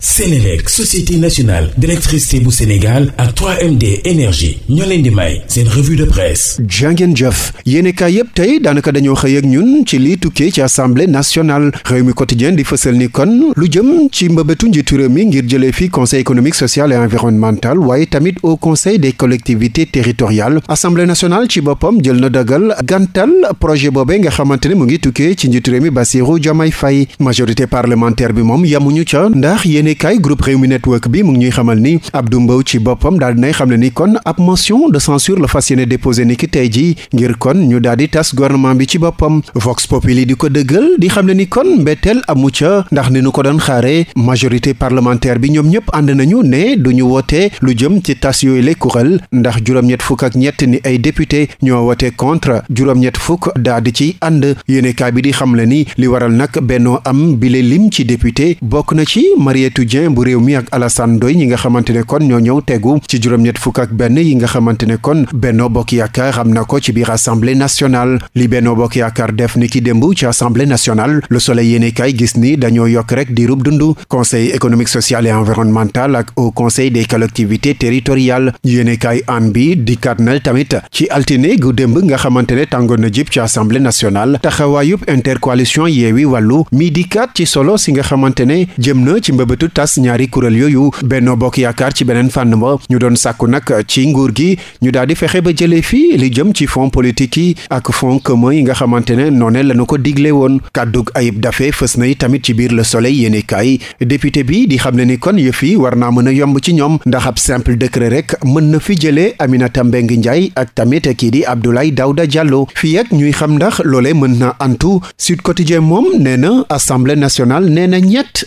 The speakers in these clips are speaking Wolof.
Sénélec société nationale d'électricité bu Sénégal ak 3MD énergie ñoo leen di may seen revue de presse jàngeen jëf yéenekaay yépp tey daanaka dañoo xëy ak ñun ci lii tukkee ci assemblée nationale réew mi quotidien di fësal ni kon lu jëm ci mbëbëtu njiitu mi ngir jëlee fi conseil économique social et environnemental waaye tamit au conseil des collectivités territoriales assemblée nationale ci boppam jël na dagal gantal projet boobee nga xamante ne mu ngi tukkee ci njiitu réew mi Bassirou Diomaye Faye majorité parlementaire bi moom yamuñu ca ndax yéenekaay groupe bi mu ngi ñuy xamal ni Abdou Mbow ci boppam daal dinay xam ne ni kon ab motion de censure la fas yéene déposé ni ki tey ji ngir kon ñu daal di tas gouvernement bi ci boppam Vox Populi di ko dëggal di xam ne ni kon mbetteel amu ca ndax ni nu ko doon xaare majorité parlementaire bi ñoom ñëpp ànd nañu ne duñu woote lu jëm ci tas yooyu la kuréel ndax juróom fukk ak ñett ni ay député ñoo woote contre juróom fukk daal di ci ànd yéenekaay bi di xam le ni li waral nag bennoo am bile lim ci député bokk na ci Mariétou Bintou Dieng bu réew mi ak Alassane Ndoye ñi nga xamante ne kon ñoo ñëw tegu ci juróom-ñett yi nga xamante kon Benno Bokk Yaakaar am na ko ci biir assemblée nationale li Benno Bokk Yaakaar def ni ki démb ci gis ni dañoo yokk rek di rub dund conseil économique social et environnemental ak au conseil des collectivités territoriales yéenekaay an bi dikkaat na tamit ci altine gu démb nga xamante tàngoon na jib ci assemblée nationale taxawaayub intercoalition Yewwi Wàllu mi dikkaat ci solo si nga xamante ngir tas ñaari kuréel yooyu Benno Bokk Yaakaar ci beneen fànn ba ñu doon sàkku nag ci nguur gi ñu daal di fexe ba jëlee fii li jëm ci fonds politique yi ak fonds commun yi nga xamante ne noonee la ñu ko digle woon kàddug Ayib Daffé fës na tamit ci biir Le Soleil yéene kaay député bi di xam ne ni kon yëf yi war naa mën a yomb ci ñoom ndax ab simple décret rek mën na fi jëlee Aminata Mbengue Ndiaye ak tamit kii di Abdoulaye Daouda Diallo fii ak ñuy xam ndax loole mën na antu Sud Quotidien moom nee na Assemblée nationale nee na ñett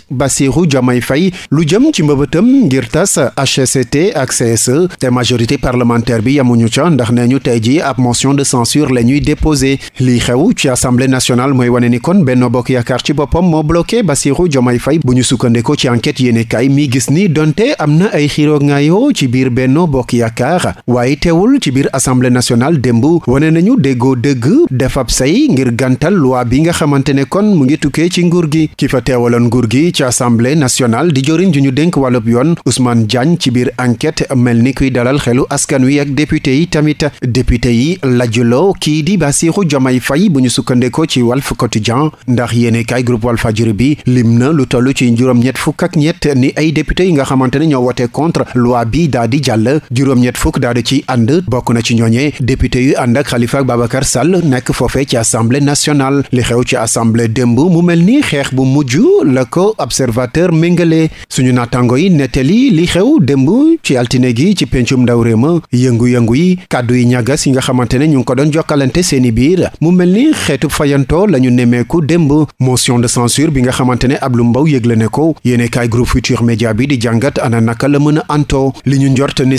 Faye lu jëm ci mbëbëtam ngir tas HCCT ak CSE te majorité parlementaire bi yamuñu ca ndax nee ñu tey ji ab motion de censure la ñuy déposé lii xew ci assemblée nationale mooy wane ni kon Benno Bokk Yaakaar ci boppam moo bloqué jom Diomaye Faye bu ñu sukkandeko ci enquête yéene kaay mi gis ni donte am na ay xiroo ngaayoo ci biir Benno Bokk Yaakaar waaye teewul ci biir assemblée nationale démb wane nañu déggoo dëgg defab say ngir gantal loi bi nga xamante ne kon mu ngi tukkee ci nguur gi ki fa teewaloon nguur gi ci assemblée nationale national di joriñ ju ñu dénk wàllub yoon Ousmane Diagne ci biir enquête mel ni kuy dalal xelu askan wi ak député yi tamit député yi lajuloo kii di Bassirou Diomaye fay bu ñu sukkandekoo ci Walf Quotidien ndax yéene kaay groupe Walfadjri bi lim na lu toll ci juróom-ñett fukk ak ñett ni ay député yi nga xamante ne ñoo wote contre loi bi daa di jàll juróom-ñett fukk daa di ci ànd bokk na ci ñooñee député yu ànd ak Khalifa ak Babacar Sall nekk foofee ci assemblée nationale li xew ci assemblée demb mu mel ni xeex bu mujj la ko observateur méngal tàmbalee suñu naataango yi nettali li xew démb ci altine gi ci pencum ndaw réew ma yëngu-yëngu yi kàddu yi ñàggas yi nga xamante ne ñu ngi ko doon jokkalante seeni biir mu mel ni xeetu fayantoo la ñu nemmeeku démb motion de censure bi nga xamante ne Abdou Mbow yëgle ne ko yéene kaay groupe Futur Média bi di jàngat ana naka la mën a antoo li ñu njort ni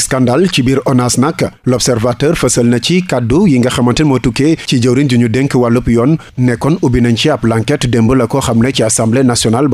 ci biir ONAS nag l'observateur fësal na ci kàddu yi nga xamante ne moo tukkee ci jëwriñ ju ñu dénk wàllub yoon nekkoon ubbi nañ ci ab l'enquête la ko xam ne ci assemblée nationale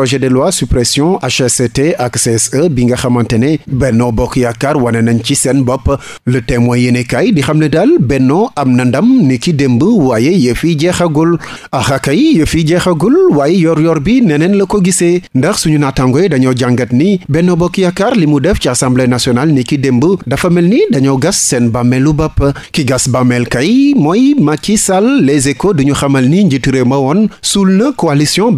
projet de loi suppression HCT ak CSE bi nga xamante ne Benno Bokk Yaakaar wane nañ ci seen bopp le témoin yéene kaay di xam ne daal Benno am na ndam ni ki démb waaye yëf jeexagul axakay ah, yëf jeexagul waaye yor-yor bi neneen la ko gisee ndax suñu naataango yi dañoo jàngat ni Benno Bokk Yaakaar li mu def ci assemblée national ni ki démb dafa mel ni dañoo gas seen bàmmeelu bopp ki gas bàmmeel kay mooy Macky Sall les éco duñu xamal ni njiitu réew ma woon suul na coalition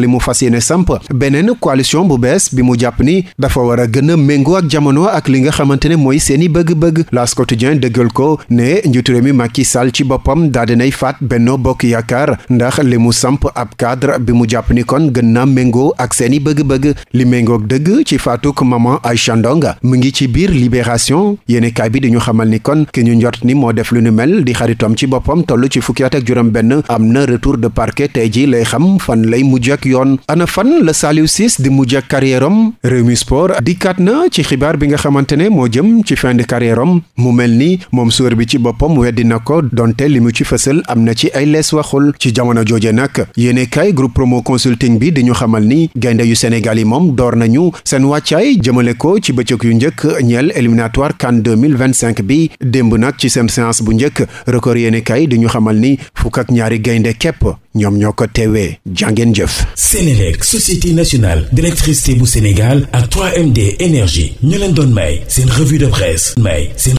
li mu fas yéene samp beneen coalition bu bees bi mu jàpp ni dafa war a gën a méngoo ak jamono ak li nga xamante ne mooy seeni bëgg-bëgg L'As Quotidien dëggal ko ne njiitu réew mi Macky Sall ci boppam daa dinay faat Benno Bokk Yaakaar ndax li mu samp ab cadre bi mu jàpp ni kon gën naa méngoo ak seeni bëgg-bëgg li méngoog dëgg ci faatuk maman Aïcha Ndonga mu ngi ci biir Libération yéene kaay bi ñu xamal ni kon ki ñu njot ni moo def lu nu mel di xaritam ci boppam toll ci fukki at ak juróom am na retour de parquet tey lay xam yoon ana fan la Saliou Ciss di mujj ak carrière am Rewmi Sport dikkaat na ci xibaar bi nga xamante ne moo jëm ci fin de carrière mu mel ni moom suwër bi ci boppam weddi na ko donte li mu ci fësal am na ci ay lees waxul ci jamono jooje nag yéene kay groupe promo consulting bi di ñu xamal ni gaynde yu Sénégal yi moom door nañu seen wàccaay jëmale ko ci bëccëg yu njëkk ñeel éliminatoire CAN 2025 bi démb nag ci seen séance bu njëkk record yéene di ñu xamal ni fukk ak ñaari gaynde képp ñoom ñoo ko teewee jàngeen jëf Sénélec société nationale d'électricité bu Sénégal ak 3MD énergie ñu leen doon may seen revue de presse may seen